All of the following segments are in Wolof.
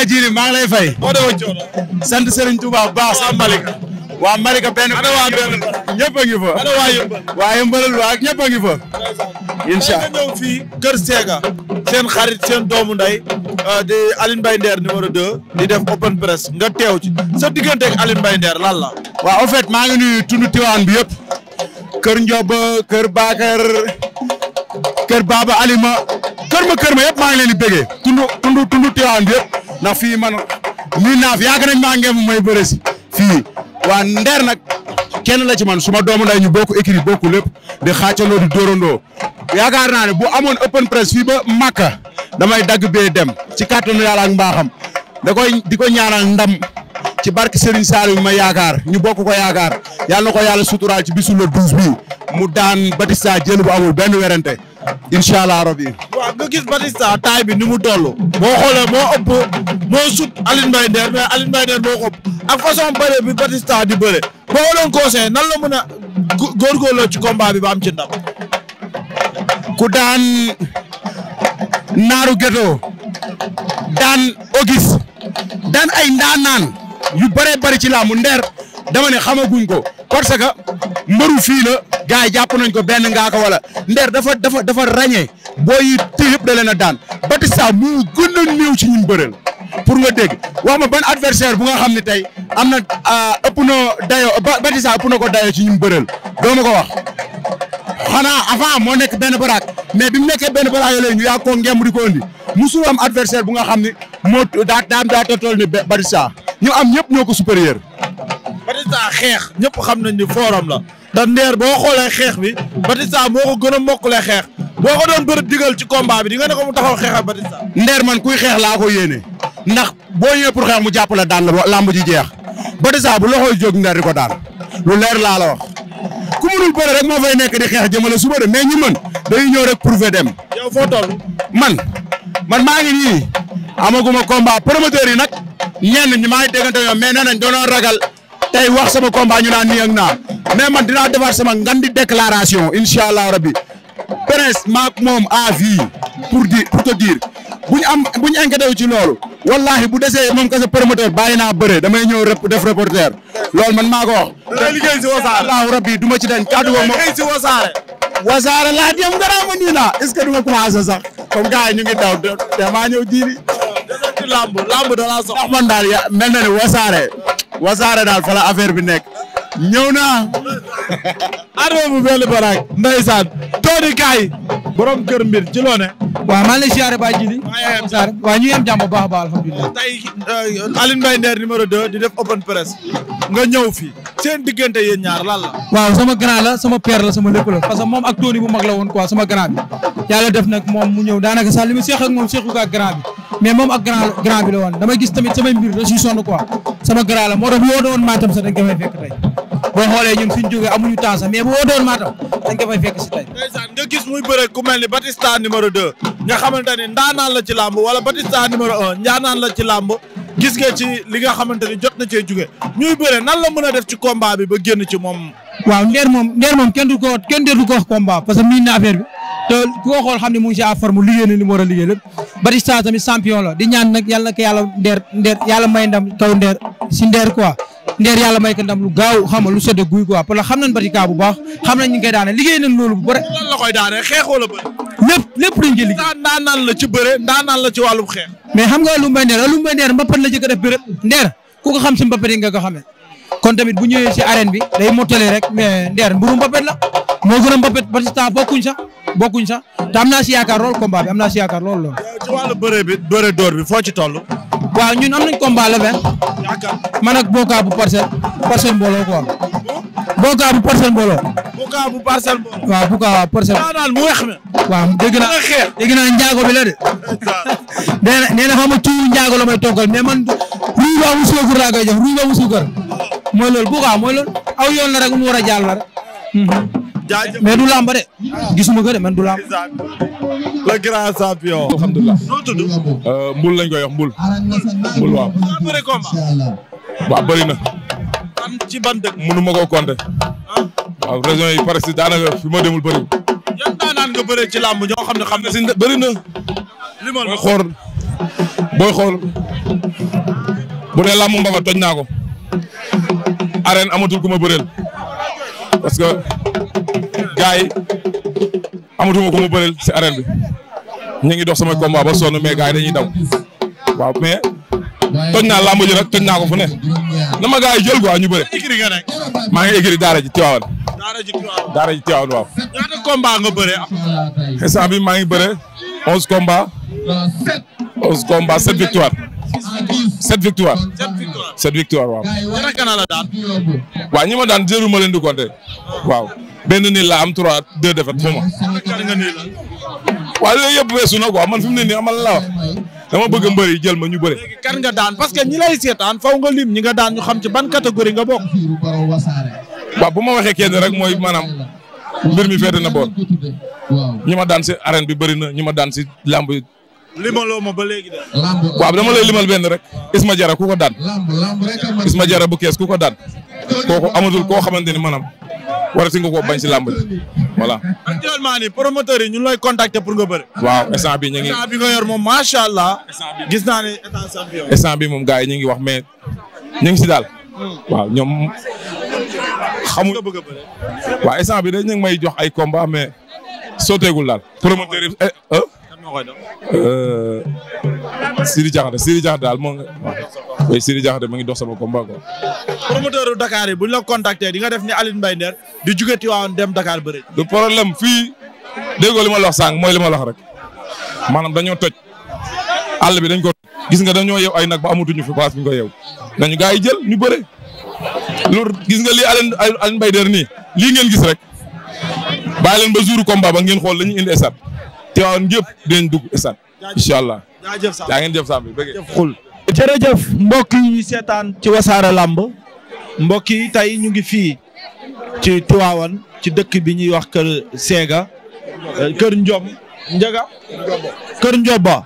Baye Djili maa ngi lay fay. boo demee coono. sant Serigne Touba bu baax. waa Malika. waa Malika benn. ana waa benn ñëpp a ngi fa. ana waa Yëmbal. waa Yëmbal waa ñëpp a ngi fa. incha allah ñëw fii Kër Sega. seen xarit seen doomu nday euh, di Alioune Mbaye Nder numéro 2. di def open press nga teew ci sa diggante ak Alioune Mbaye Nder lan la. waaw en fait maa ngi nuyu tund Tiwaan bi yëpp. Kër Ndiob Kër Bakar Kër Baba Alima Kër ma Kër ma yëpp maa ngi leen di bégee. tund tund tund Tiwaan bi yëpp. ndax fii man nuyu naa fi yàgg nañ maa ngeem may bëre si waa Nder nag kenn la ci man su ma doomu nday ñu bokk écrit bokk lépp di xaacaloo di dóorandoo yaakaar naa ne bu amoon open press fii ba Makka damay dagg bee dem ci kàttanu yàlla ak mbaaxam da koy di ko ñaanal ndam ci barke Serigne Saliou bi ma yaakaar ñu bokk ko yaakaar yàlla na ko yàlla suturaal ci bisu le douze bi mu daan Batista jël bu amul benn werante incha allah rabi. waaw nga gis Batista taay bi ni mu toll. boo xoolee moo ëpp moo sut Alioune Mbaye Nder mais Alioune Mbaye Nder moo ko ak façon bëre bi Batista di bëre boo ko doon conseillé nan la mën a góorgóorloo ci combat bi ba am ci ndam. ku daan naaru ghetto daan ogis daan ay ndaanaan yu bëree bëri ci laamu Nder. dama ne xamaguñ ko parce que mbëru fii la gars jàpp nañ ko benn ngaa ko wala ndeer dafa dafa dafa ràññee booy yi te yëpp da leen a daan Batista mu gën a néew ci ñun bëreel pour nga dégg wax ma ban adversaire bu nga xam ne tey am na euh, ëpp na dayoo Batista ëpp na ko dayoo ci ñun bëreel doo ma ko wax. xanaa avant moo nekk benn baraak mais bi mu nekkee benn baraak yooyu ñu yaa ko ngemb di ko indi musul am adversaire bu nga xam ne moo daa daa daa toll ni Batista ñu am ñëpp ñoo ko supérieur. Batista xeex ñëpp xam nañ ni fooram la da ndeer boo xoolee xeex bi Batista moo ko gën a mokkulee xeex boo ko doon bëri digal ci combat bi di nga ne ko mu taxaw xeex ak Batista ndeer man kuy xeex laa ko yéene ndax boo ñee pour xeex mu jàpp la daan la làmb jeex Batista bu loxoy jóg ndeer di ko daan lu leer laa la wax ku mënul bëre rek moo fay nekk di xeex jëmale a de mais ñi mën dañuy ñëw rek prouver dem yow foo toll man man maa ngi nii amaguma combat promoteur yi nag ñenn ñi maa ngi déggante ñoom mais nee nañ doonoon ragal tey wax sama combat ñu naan nii ak naa mais man dinaa defar sama ngan di déclaration incha allah rabbi Prince maak moom à vie pour dire pour ñu am bu ñu inquiété wu ci loolu wallahi bu desee moom kese promoteur bàyyi naa bëre damay ñëw def reporter loolu man maa ko wax. dina liggéey si wasaare allahu rabbi ma ci dañ kàddu googu ma liggéey si wasaare. wasaare laa dem dara ma nii naa est ce que du ma commencé sax comme ñu ngi daw te ñëw jiiri. lamb lamb da laa mel na ne wasaare. wasaare daal fa la affaire bi nekk ñëw naa. Adama bu benn baraak ndeysaan Tony Kaye borom kër mbir ci loo ne. waaw maa ngi lay siyaare baa jili waa ñu yem jàmm bu baa a baax alhamdulilah. tey euh, Alioune Mbaye Nder numéro 2 di def open press nga ñëw fii seen diggante yéen ñaar lan la. waaw sama grand la sama père la sama lépp la que moom ak Tony bu mag woon quoi sama grand bi yàlla def nag moom mu ñëw daanaka sax li mu seex ak moom seexu ko mais moom a grand grand bi la woon damay gis tamit samay mbir da ciy sonn quoi sama grand la moo tax bu woo doon maatam sax dañ ko fekk tey boo xoolee ñun fi ñu amuñu temps sax mais bu woo doon maatam dañ ko fekk si tey nga gis muy bëre ku mel ni Batista numéro 2 nga xamante ne ndaanaan la ci làmb wala Batista numéro 1 ndaanaan la ci làmb gis nga ci li nga xamante ne jot na cee jóge ñuy bëre nan la mën a def ci combat ba génn ci moom waaw ndeer moom ndeer moom kenn du ko kenn du parce que miin na affaire te ku ko xool xam ne mu ngi si à forme liggéey na li mu war a liggéey lépp Batista tamit champion la di ñaan nag yàlla na ko yàlla ndeer ndeer yàlla may ndam kaw ndeer si ndeer quoi ndeer yàlla may ko ndam lu gaaw xam nga lu sedd guy quoi parce que xam nañ Batista bu baax xam nañ ñu ngi koy daane liggéey nañ loolu bu bëre. lan la koy liggéey. daan naan la ci bëre daan naan la ci wàllum xeex. mais xam nga lu mbay ndeer lu mbay ndeer mbapat la jëkk def béréb ndeer ku ko xam si mbapat yi nga ko xamee kon tamit bu ñëwee si arène bi day mottali rek mais ndeer mburu mbapet la moo gën a mbapet Batista bokkuñ sax bokkuñ sax naa si yaakaar lool combat bi am naa si yaakaar lool lool. bëre door bi foo ci toll. waaw ñun am nañ combat le vingt. yaakaar man ak Boka bu parcelle parcelle mbooloo quoi. Boka bu parcelle mbooloo. Boka bu parcelle na. waaw naa dégg naa njaago bi la de. nee na nee na xam njaago la may toggal mais man ruuj ba mu suukar laa koy jox ruuj mu suukar. mooy loolu bu ko mooy loolu aw yoon la rek mu war a jàll la rek. jaajëf mais du làmb de. gisuma ko de man du làmb. le grand champion. alhamdulilah euh, mbul lañ koy wax mbul. mbul waaw. bëri combat. waaw bëri na. ban ci ban dëkk. koo compter. Ah. waaw région yi pare si daanaka fi ma demul bëriwul. yan ci làmb ñoo xam ne xam ne si bëri na. li ma la booy xool booy xool. bu dee naa ko. arène amatul ku ma bëreel parce que gars yi amatuma ku si arène bi ñu ngi dox sama combat ba sonn mais gars yi dañuy daw waaw mais toj naa làmb ji nag toj naa ko fu ne na ma gars yi jël quoi ñu bëre. maa ngi écrit daara ji Tiwaawan. daara ji Tiwaawan daara ji Tiwaawan maa ngi bëre onze combat onze combat sept victoire. sept victoire. sept victoire waaw. waaw ñi ma daan jëru ma leen di compter. waaw benn nii la am trois deux défaites ma waaw yooyu yëpp weesu ko quoi man fi mu ne nii amal la wax dama bëgg a mbëri jël ma ñu bëri. léegi kan nga daan parce que ñi lay seetaan faw nga lim ñi nga daan ñu xam ci ban catégorie nga bokk. waaw bu ma waxee kenn rek mooy maanaam mbër mi féete na boor ñi ma daan si arène bi bëri na ñi ma daan si làmb limaloo ma ba léegi de. waaw dama lay limal benn rek. Isma Jara ku ko daan. Isma Jara bu kees ku ko daan. kooku amatul koo xamante ni maanaam warati nga koo bañ si làmb ji voilà. actuellement nii promoteurs yi ñu lay contacter pour nga bëri. waaw instant bi ñu ngi instant bi gis naa ne état champion. bi moom gars yi ñu ngi wax mais ñu ngi si daal. Hmm. waaw ñoom xamuñ. waaw instant bi dañ ñu ngi may jox ay combat mais sooteegul daal. promoteur yi eh, nga koy def. Sidi Diakhaté Sidi Diakhaté daal moo ngi. waaw Sidi Diakhaté mu ngi dox sama combat quoi. promoteur Dakar yi bu ñu di nga def ni di juge Tivaouane dem Dakar bëri. du problème fii déggoo li ma la wax sànq mooy li ma la wax rek maanaam dañoo toj àll bi dañ ko gis nga dañoo yew ay nag ba amatuñu fi place bi ñu ko yew nañu gaa yi jël ñu bëre loolu gis nga lii Alioune Alioune Mbaye Nder nii ngeen gis rek bàyyi leen ba jour combat ba ngeen xool la indi esat Tiwaawan yëpp dinañ dugg stade incha allah. jaajëf Samb yaa ngeen jëf Samb bëgg xul. jërëjëf mbokk yi ñu seetaan ci wasaare làmb mbokk yi tey ñu ngi fii ci Tiwaawan ci dëkk bi ñuy wax kër Séga euh, kër Njom Njëga kër Njoba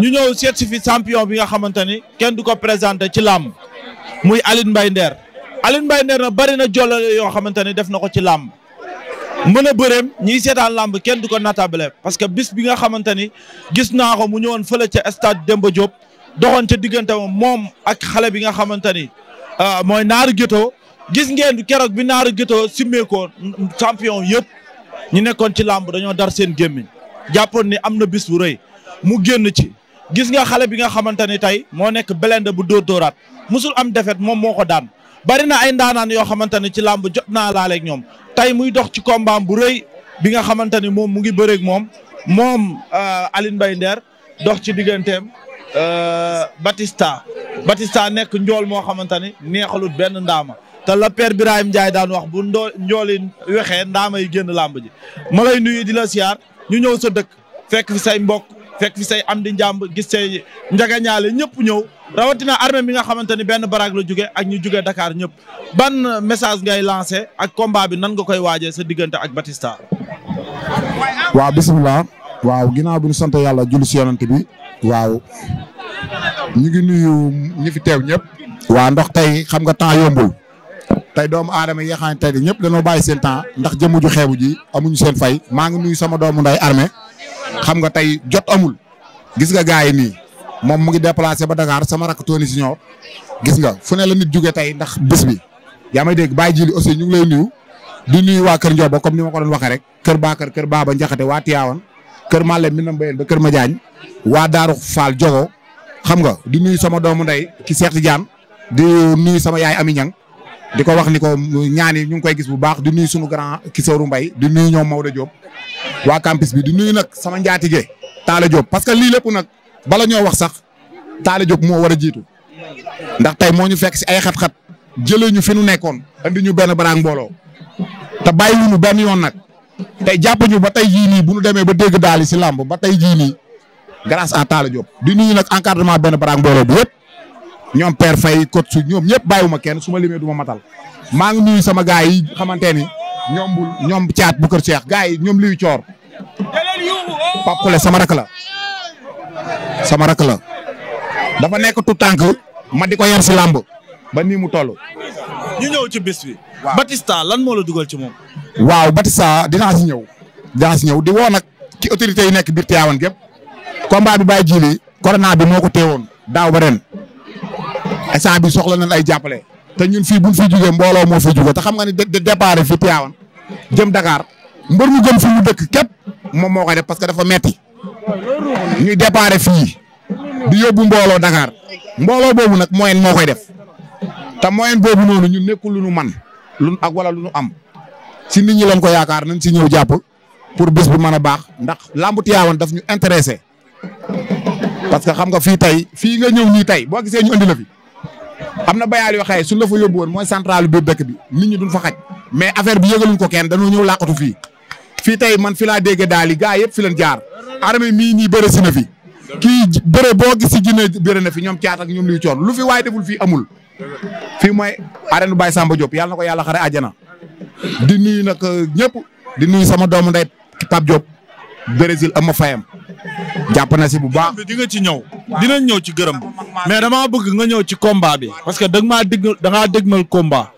ñu ñëw seet si fi champion bi nga xamante ni kenn du ko présenté ci làmb muy Alioune Mbaye Nder Alioune Mbaye Nder na bari na jollale yoo xamante ni def na ko ci làmb mën a bëreem ñiy seetaan làmb kenn du ko natable parce que bis bi nga xamante ni gis naa ko mu ñëwoon fële ca stade Demba Diop doxoon ca diggante moom ak xale bi nga xamante ni euh, mooy naaru gëtoo gis ngeen keroog bi naaru gëtoo simmeekoo champion yëpp ñu nekkoon ci làmb dañoo dar seen gémmiñ jàppoon ni am na bis bu rëy mu génn ci gis nga xale bi nga xamante ni tey moo nekk belende bu dóor dóoraat musul am defet moom moo ko daan bari na ay ndaanaan yoo xamante ne ci làmb jot naa laaleeg ñoom tey muy dox ci combat bu rëy bi nga xamante ni moom mu ngi bëreeg moom moom euh, Alioune Mbaye Nder dox ci digganteem euh, Batista Batista nekk njool moo xamante ni neexalut benn ndaama te la père Birahim Ndiaye daan wax bu ndoo njooli wexee ndaama yi génn làmb ji ma lay nuyu di siyaar ñu ñëw sa dëkk fekk fi say mbokk fekk fi say am di njàmb gis say njagañaale ñëpp ñëw rawatina armée bi nga xamante ni benn baraag la jóge ak ñu jóge Dakar ñëpp ban message ngay lancé ak combat bi nan nga koy waajee sa diggante ak Batista. waaw bisimilah. waaw ginnaaw bu ñu sant yàlla julli si yonent bi. waaw. ñu ngi nuyu ñi fi teew ñëpp. waa ndax tey xam nga temps yombul. tey doomu aadama yi nga xam ne tey ñëpp dañoo bàyyi seen temps ndax jëmm ju xeebu ji amuñu seen fay. maa ngi nuyu sama doomu nday armée xam nga tey jot amul gis nga gars yi nii moom mu ngi déplacé ba Dakar sama rakk Tony Junior gis nga fu ne la nit juge tey ndax bés bi yaa may dégg bàyyi jili aussi ñu ngi lay nuyu di nuyu waa kër Ndioba comme ni ma ko doon waxee rek kër Bakar kër baa Baba Njaxate waa Tiyawan kër leen mi na mbayeen ba kër Madiagne waa Daaru Fall Jogo xam nga di nuyu sama doomu ndey ki Cheikh Tidiane di nuyu sama yaay Ami Niang di ko wax ni ko ñaan yi ñu ngi koy gis bu baax di nuyu sunu grand ki Sooru Mbay di nuyu ñoom Maodo Diop waa campus bi di nuyu nag sama njaatige Talla Diop parce que lii lépp nag bala ñoo wax sax Talla Diop moo war a jiitu ndax tey moo ñu fekk si ay xat-xat jëlee ñu fi nu nekkoon andi ñu benn baraang mbooloo te bàyyiwuñu benn yoon nag tey jàpp ñu ba tey jii bu ñu demee ba dégg daal si làmb ba tey jii nii grâce à Talla Diop di nuyu nag encadrement benn baraang mbooloo bi yëpp ñoom per fay coach su ñoom ñëpp bàyyiwuma kenn su ma limee du ma matal maa ngi nuyu sama gars yi xamante ni ñoom bul ñoom caat bu kër Cheikh gars yi ñoom liy coor. Pape Koulé sama rak la sama rak la dafa nekk tu tànk ma di ko yar làmb ba nii mu toll. ñu ñëw ci bis bi. Batista lan moo la dugal ci moom. waaw Batista dinaa si ñëw. dinaa si ñëw di woo nag ci autorités yi nekk biir Tivaouane gépp combat bi bàyyi jiili corona bi moo ko teewoon daaw ba ren soxla nañ lay jàppale. te ñun fii buñ fi jugee mbooloo moo fi jugee te xam nga ni de départ fi Tivaouane jëm dakaar mbër mu jëm fi mu dëkk képp moom moo koy def parce que dafa metti ñuy départ fii di yóbbu mbooloo Dakar mbooloo boobu nag moyen moo koy def te moyen boobu noonu ñun nekkul lu nu man lu ak wala lu nu am si nit ñi leen ko yaakaar nañ si ñëw jàpp pour bés bu man a baax ndax làmbu Tivaouane daf ñu intéressé parce que xam nga fii tey fii nga ñëw ñii tey boo gisee ñu andi la am na bayaal yoo xaye suñ la fa yóbbu woon mooy centrale biir dëkk bi nit ñi duñ fa xaj mais affaire bi yëgaluñ ko kenn dañoo ñëw làqatu fii fii tey man fi laa dégg daal yi gars yëpp fi leen jaar armée mii nii bëre si na fi kii bëre boo gis si ginne bëre na fi ñoom caat ak ñoom luy coon lu fi waaye deful fi amul fii mooy arène Baye Samba joob yàlla na ko yàlla xare àjjana di nuyu nag euh, ñëpp di nuyu sama doomu ndey Pape Diop Brésil am ma fayam jàpp na si bu baax. di nga ci ñëw dinañ ñëw ci gërëm. mais damaa bëgg nga ñëw ci combat bi parce que da nga maa dégg da ngaa dégmal combat.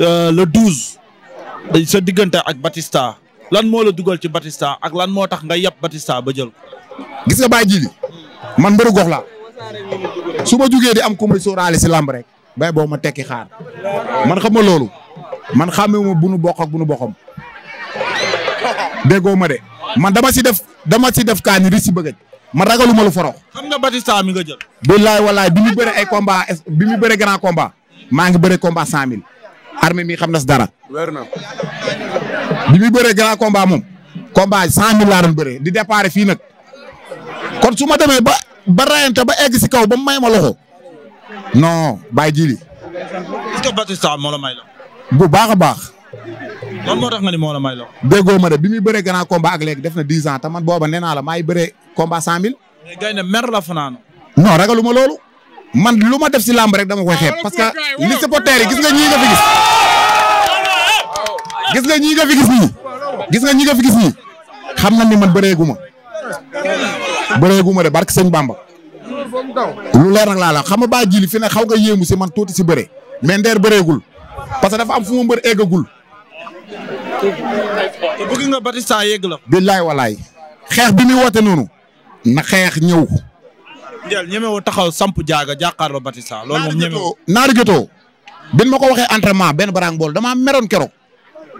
Euh, le 12. sa diggante ak Batista. lan moo la dugal ci Batista ak lan moo tax nga yab Batista ba jël. gis nga bàyyi ji man mbëru gox laa. su ma jugee di am ku may sóoraale si lamb rek. bay boo ma tekki xaar. man xam ma loolu. man xàmmewuma bu nu bokk ak bu nu bokkam. déggoo ma de man dama si def dama si def kaani ris si bëgg ma ragaluma lu forox. xam nga Batista mi nga jël. billaay walaay bi mu bëre ay combat bi mu bëre grand combat maa ngi bëre combat cent mille. mi xam na si dara. weer na bi mu bëre grand combat moom. combat cent laa doon bëre di départ fii nag. kon su ma demee ba ba rayante ba egg si kaw ba may ma loxo. non bàyyi ji bu baax a baax. lan moo tax nga ni moo la may loxo. ma de bi muy bëree grand combat ak léegi def na dix ans te man booba nee naa la maay bëree combat cent mille. mais gaynde mer la ma loolu. man lu ma def si làmb rek dama ko xeeb ah, parce que li supporters yi gis nga ñii nga fi gis. nga ñii fi gis nii. gis nga ñii fi gis nii. xam na ni man bëreegu ma. bëreegu ma de barke sëñ Bamba. lu leer nag laa la xam nga baa jili fi ne xaw nga yéemu si man tuuti si bëre. mais ndeer bëreegul. parce que dafa am fu ma mbër eggagul. te bëgg nga Batista yegg la. billaay walaay xeex bi muy woote noonu na xeex ñëw. Ndiol ñemewu taxaw sampu jaaga jàkkaarloo Batista loolu moom ñemewu. naari gëtoo bin ma ko waxee entraînement benn baraang bool damaa meroon keroog.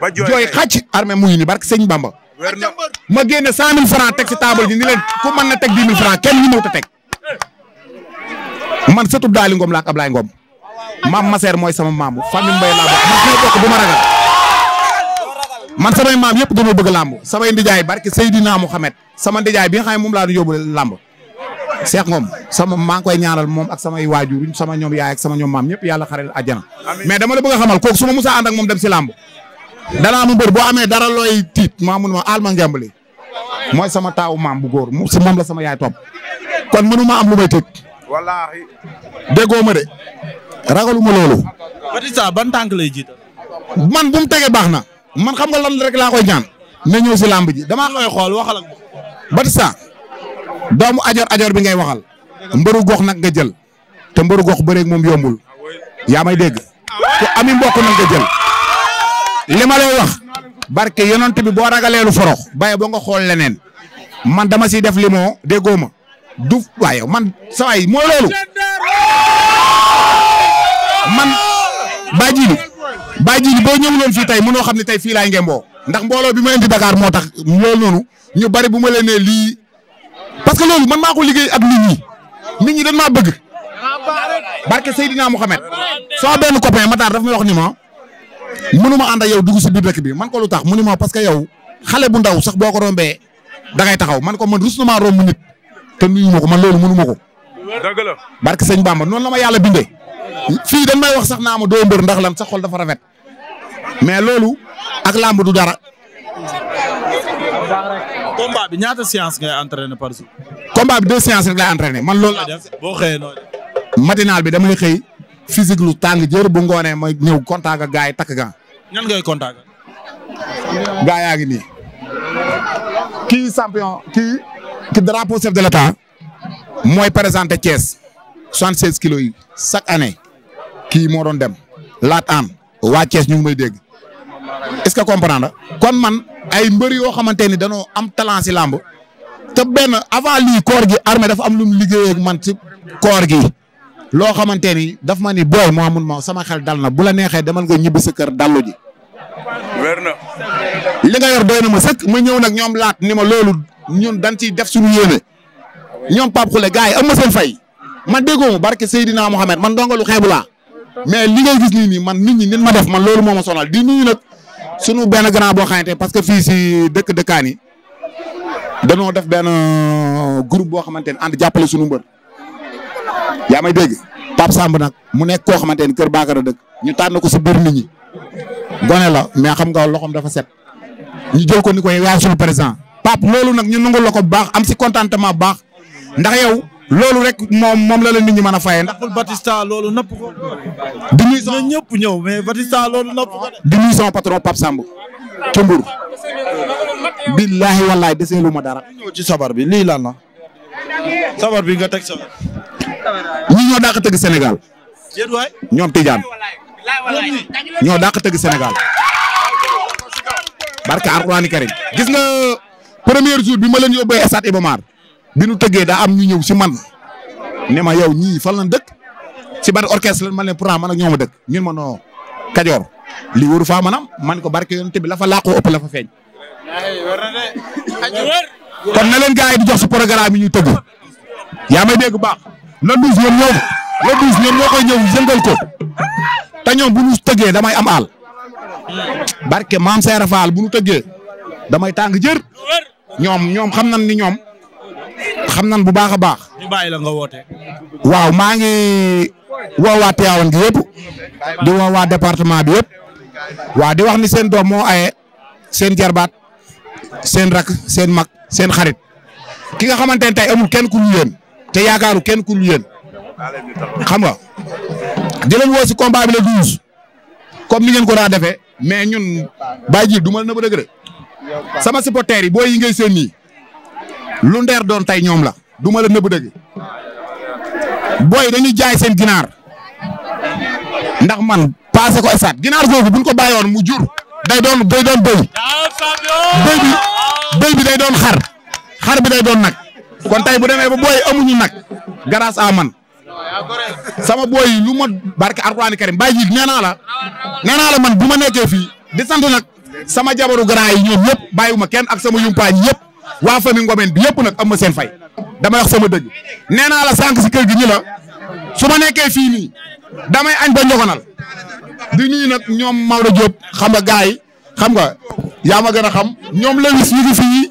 ba jooy jooy xàcc mu ngi ni barke sëñ Bamba. ma génne cent mille francs teg si table ji ni leen ku mën na teg dix mille kenn ñu ñëw te teg. man sëtub daali Ngom la ak Ngom maam Maseer mooy sama maamu famille Mbaye laa bokk ma bokk du ma ragal. man samay maam yëpp dañoo bëgg làmb samay ndijaay barki Seydina Mouhamed sama ndijaay bi nga xam ne moom laa doon yóbbu làmb Cheikh Ngom sama maa koy ñaanal moom ak samay waajur sama ñoom yaay ak sama ñoom maam ñëpp yàlla xarel àjjana mais dama la bëgg a xamal kooku su ma musa ànd ak moom dem si làmb danaa mu mbër boo amee dara looy tiit maa mun ma aal ma ngembali mooy sama taaw maam bu góor mu si moom la sama yaay topp kon mënu ma am lu may tëj wallaahi déggoo ma de ragaluma loolu ban tànk lay jiital man tegee baax na man xam nga lan rek la koy ñaan na ñëw si làmb ji damaa koy xool waxal ak doomu ajoor ajoor bi ngay waxal mbëru gox nag nga jël te mbëru gox bëreeg moom yombul yaa may dégg ku ami mbokk nag nga jël li ma lay wax barke yonent bi boo ragaleelu forox baye boo nga xool leneen man dama siy def limoo déggoo ma du waaye man saa waay mooy loolu man baa bàyyi ji boo ñëwuloon fii tey mënoo xam ne tey fii laay ngemboo ndax mbooloo bi ma indi Dakar moo tax loolu noonu ñu bari bu ma leen nee lii parce que loolu man maa ko liggéey ak nit ñi nit ñi dañ maa bëgg barke Seydina Mohamed sama benn copain Matar daf may wax ni ma mënuma ànd ak yow dugg si biir dëkk bi man ko lu tax mu ni ma parce que yow xale bu ndaw sax boo ko rombee da ngay taxaw man ko man rus na maa romb nit te nuyu ma ko man loolu mënuma ko. dëgg la barke noonu la ma yàlla bindee fii dañ may wax naa ma doo mbër ndax lan sa xol dafa rafet. mais loolu ak làmb du dara. combat bi ñaata séance ngay entraîné par jour. combat bi deux séances rek lay entraîné man loolu. boo xëyee noonu. matinal bi damay xëy physique lu tàng jër bu ngoonee ma ñëw contact ak gars yi takk gan. ñan ngay contact. gars yaa ngi nii. kii champion ki drapeau chef de l'état mooy présenté Thiès soixante-seize kilos yi chaque année kii moo doon dem laat aan waa Thiès ñu ngi may dégg. est-ce que comprendre kon man ay mbër yoo xamante ni danoo am talent si làmb te benn avant li koor gi armée dafa am lu mu liggéeyee man si koor gi loo xamante ni daf ma ni booy Mouhamadou ma sama xel dal na bu la neexee demal nga ñibbi sa kër dallu ji. wér na. li nga yor doy na ma ma ñëw nag ñoom laat ni ma loolu ñun dan ciy def suñu yéene ñoom Pape Khoule gars yi am ma seen fay man déggoo ma barke Seydina Mohamed man dongalu xeebu laa mais li gis nii man nit ñi nit ma def man loolu moo ma sunu benn grand boo xamante parce que fii si dëkk dëkkaan yi danoo def benn euh, groupe boo xamante ne ànd jàppale sunu mbër yaa may dégg Pape Samb nag mu nekk koo xamante ne Kër a dëkk ñu tànn ko si biir nit ñi gone la mais xam nga loxoom dafa set ñu jël ko ni koy yaay sunu président Pape loolu nag ñu nangul la ko baax am si contentement bu baax ndax yow. loolu rek moom moom la la nit ñi mën a ndax Batista loolu napp ko. di nuyu ñëp ñëw mais Batista loolu napp ko de. di nuyu sama patron Pape Samb ca Mbour. billaahi deseelu ma dara. ñëw sabar bi lii lan la. sabar nga teg sabar. ñi ñoo dàq tëgg Sénégal. déet waay ñoom Tidiane. ñoo dàq tëgg Sénégal. barka Alxuraani Karim. gis nga premier jour bi ma leen yóbbee stade Iba bi nu tëggee daa am ñu ñëw si man ne ma yow ñii fan lañ dëkk si ban orchestre lañ ma leen pourtant man ak ñoom a dëkk ñun ma noo Kajoor lii waru faa man am man ko barke yoonte bi la fa laaxoo ëpp la fa feeñ. kon na leen gars di jox si programme yi ñuy tëgg yaa may dégg baax le douze ñoom ñoo le douze ñoom ñoo koy ko te ñoom bu ñu tëggee damay am aal barke maam Seera Faal bu ñu tëggee damay tàng jër ñoom xam na ni ñoom. xam nan bu baax a baax. ñu bàyyi la nga woote. waaw maa ngi woo waa Tivaouane gi yëpp di woo waa département bi yëpp waaw di wax ni seen doom moo aye seen jarbaat seen rak seen mag seen xarit ki nga xamante ne tey amul kenn ku ñu te yaakaaru kenn ku ñu yéen xam nga di leen woo si combat bi le douze comme ni ngeen ko daa defee mais ñun bàyyi ji du ma la nëbb dëgg sama supporters yi booy yi ngay seen nii lu ndeer doon tey ñoom la duma ma la nëbb dëgg booy dañuy jaay seen ginaar ndax man passé ko esat ginaar foofu buñ ko bàyyoon mu jur day doon day doon bëy bëy bi bëy bi day doon xar xar bi day doon nag kon tey bu demee ba booy amuñu nag grâce à man sama booy lu ma barke Alxuraan Karim bàyyi ji nee la nee la man bu ma nekkee fii di sant nag sama jabaru grand yi ñoom yëpp bàyyiwuma kenn ak sama yumpaañ yëpp waa famille Ngomeen bi yëpp nag am ma seen fay dama wax sama dëgg nee naa la sànq si kër gi ñu la su ma nekkee fii nii damay añ ba njogonal di ñuy nag ñoom Maodo Diop xam nga gars yi xam nga yaa ma gën a xam ñoom lewis ñu ngi fii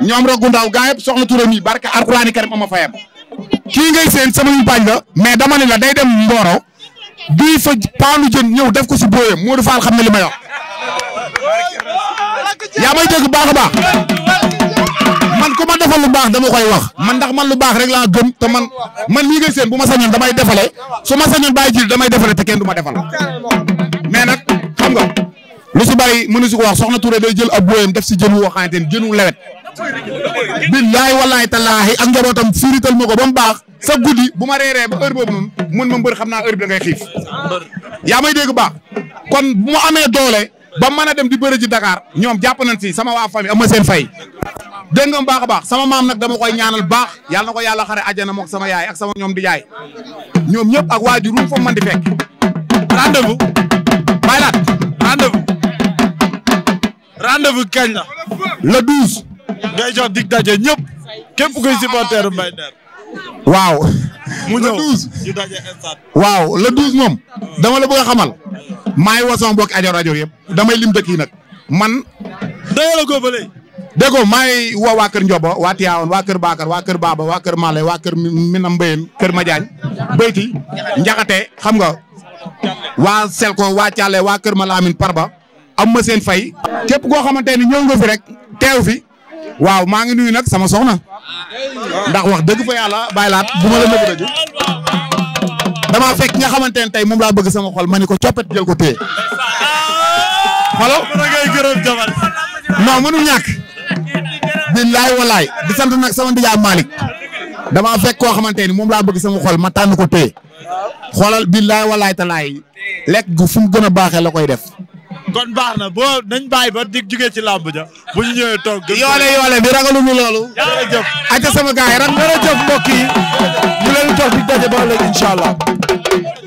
ñoom rek gu ndaw gars yëpp soxna turam yi barke alquraani karim ama fayam kii ngay seen sama ñu bañ la mais dama ne day dem mbooro bii fa paanu jën ñëw def ko si booyam Modou Fall xam ne li may wax yaa may dégg baax baax man ku ma defal lu baax dama koy wax man ndax man lu baax rek laa gëm te man man lii ngay seen bu ma sañoon damay defale su ma sañoon baa ji damay defale te kenn du ma defal mais nag xam nga lu si mën mënu si ko wax soxna Touré day jël ab booyam def si jën woo xamante ne jënu lewet billaahi wallaahi tallaahi ak njabootam firital ma ko ba mu baax sa guddi bu ma reeree ba heure boobu noonu mën ma mbër xam naa heure bi ngay xiif yaa may dégg baax kon bu ma amee doole ba mën a dem di bëre ji Dakar ñoom jàpp nañ si sama waa famille am ma seen fay dégg nga baax a baax sama maam nag dama koy ñaanal baax yàlla na ko yàlla xare àjjana mook sama yaay ak sama ñoom di yaay ñoom ñëpp ak waajurum foofu man di fekk rendez-vous bàyyi laat rendez-vous rendez-vous kañ la le douze jox dig daje ñëpp képp kuy supporter Mbaye Nder waaw mu ñëw waaw le douze moom dama la bëgg xamal maa ngi woo sama mbokki ajo rajo yëpp damay lim dëkk nag man. dayoo la ko fële. dégg nga maa ngi woo waa kër Ndiobo waa waa kër Bakar waa kër Baba waa kër Malé waa kër Minam Mbéyeen kër Madiagne Beyti Njaxate xam nga waa Selko waa Thialé waa kër Malamine Parba am ma seen fay. képp koo xamante ni ñëw nga fi rek teew fi waaw maa ngi nuyu nag sama soxna ndax wax dëgg fa yàlla bàyyi laat bu la nëbb damaa fekk nga xamante ne tey moom laa bëgg sama xol ma ni ko coppet jël ko téye. xolo da ngay gërëm jabar. non mënul ñàkk. billaay di sant nag sama ndijaay Malick. damaa fekk koo xamante ni moom laa bëgg sama xol ma tànn ko téye. xoolal billaay walaay talaay lekk gu fu mu gën a baaxee la koy def. kon baax na boo nañ bàyyi ba di jugee ci làmb ja bu ñu ñëwee toog. yoole yoole bi ragaluñu loolu. jërëjëf acca sama gars yi ran jërëjëf mbokk yi ñu leen toog di daje ba léegi